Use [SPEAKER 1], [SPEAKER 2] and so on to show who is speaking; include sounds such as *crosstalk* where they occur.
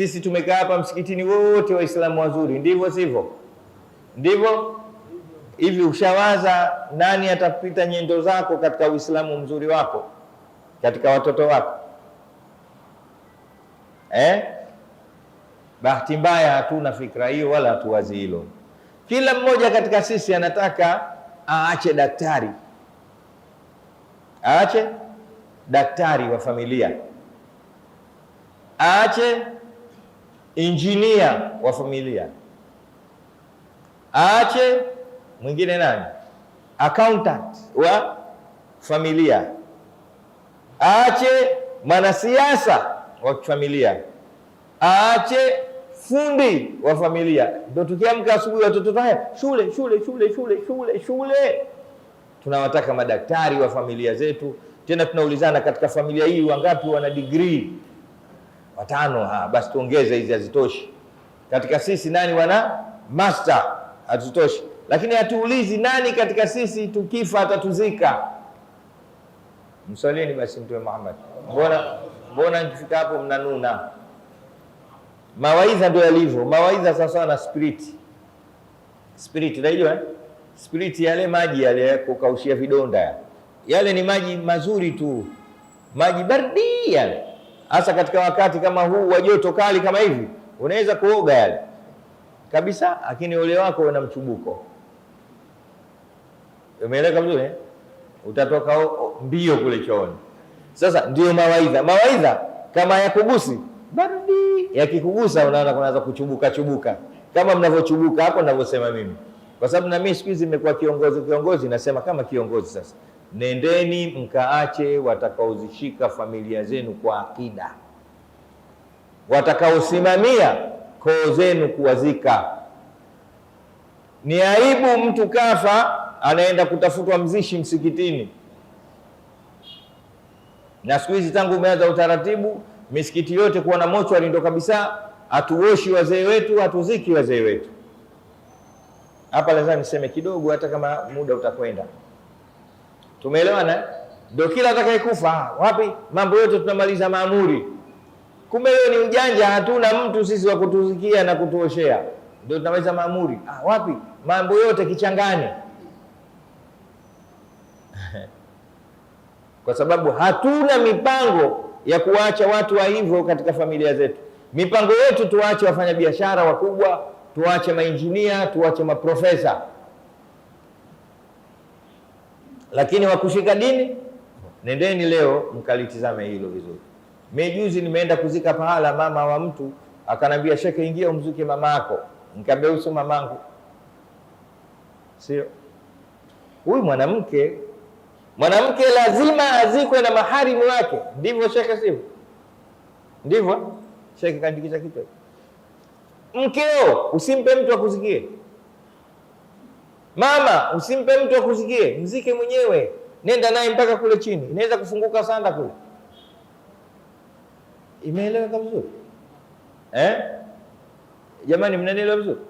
[SPEAKER 1] Sisi tumekaa hapa msikitini wote Waislamu wazuri, ndivyo sivyo? Ndivyo hivi. Ushawaza nani atapita nyendo zako katika Uislamu mzuri wako, katika watoto wako eh? Bahati mbaya hatuna fikra hiyo wala hatuwazi hilo. Kila mmoja katika sisi anataka aache daktari, aache daktari wa familia, aache injinia wa familia, aache mwingine nani, accountant wa familia, aache mwanasiasa wa familia, aache fundi wa familia. Ndio tukiamka asubuhi watoto haya shule shule shule shule shule shule. Tunawataka madaktari wa familia zetu, tena tunaulizana katika familia hii wangapi wana degree watano. Ha, basi tuongeze hizi, hazitoshi. Katika sisi nani wana master? Hatutoshi, lakini hatuulizi nani katika sisi tukifa atatuzika. Msalini basi Mtume Muhammad. Mbona mbona nikifika hapo mnanuna? Mawaidha ndio yalivyo mawaidha, sawasawa na spiriti. Spiriti naijua eh? Spiriti yale maji yale kukaushia vidonda yale ni maji mazuri tu, maji baridi yale hasa katika wakati kama huu wa joto kali kama hivi, unaweza kuoga yale kabisa, lakini ule wako una mchubuko. Umeeleka vizuri eh? Utatoka mbio kule chooni. Sasa ndiyo mawaidha, mawaidha kama yakugusi baridi, yakikugusa unaona kunaanza kuchubuka chubuka, kama mnavyochubuka hapo, ninavyosema mimi, kwa sababu na mimi siku hizi nimekuwa kiongozi. Kiongozi nasema kama kiongozi sasa nendeni mkaache watakaozishika familia zenu kwa akida, watakaosimamia koo zenu kuwazika. Ni aibu mtu kafa anaenda kutafutwa mzishi msikitini, na siku hizi tangu umeanza utaratibu misikiti yote kuwa na mochwari, ndo kabisa hatuoshi wazee wetu, hatuziki wazee wetu. Hapa lazima niseme kidogo, hata kama muda utakwenda. Tumeelewana? Eh? Ndio kila atakayekufa wapi, mambo yote tunamaliza maamuri. Kumbe hiyo ni ujanja, hatuna mtu sisi wa kutuzikia na kutuoshea, ndio tunamaliza maamuri. Ah, wapi, mambo yote kichangani *laughs* kwa sababu hatuna mipango ya kuwaacha watu wa hivyo katika familia zetu. Mipango yetu tuwaache wafanyabiashara wakubwa, tuwaache mainjinia, tuwache maprofesa lakini wakushika dini, nendeni leo mkalitizame hilo vizuri. mejuzi nimeenda kuzika pahala, mama wa mtu akanambia, sheke, ingia umzuke yako. Nikamwambia usu mamangu, sio huyu mwanamke. Mwanamke lazima azikwe na maharimu wake, ndivyo sheke, sivyo? Ndivyo sheke, kaandikisha kichwa. Mkeo usimpe mtu akuzikie Mama usimpe mtu akusikie, mzike mwenyewe, nenda naye mpaka kule chini, inaweza kufunguka sanda kule. Imeeleweka vizuri eh? Jamani, mnanielewa vizuri?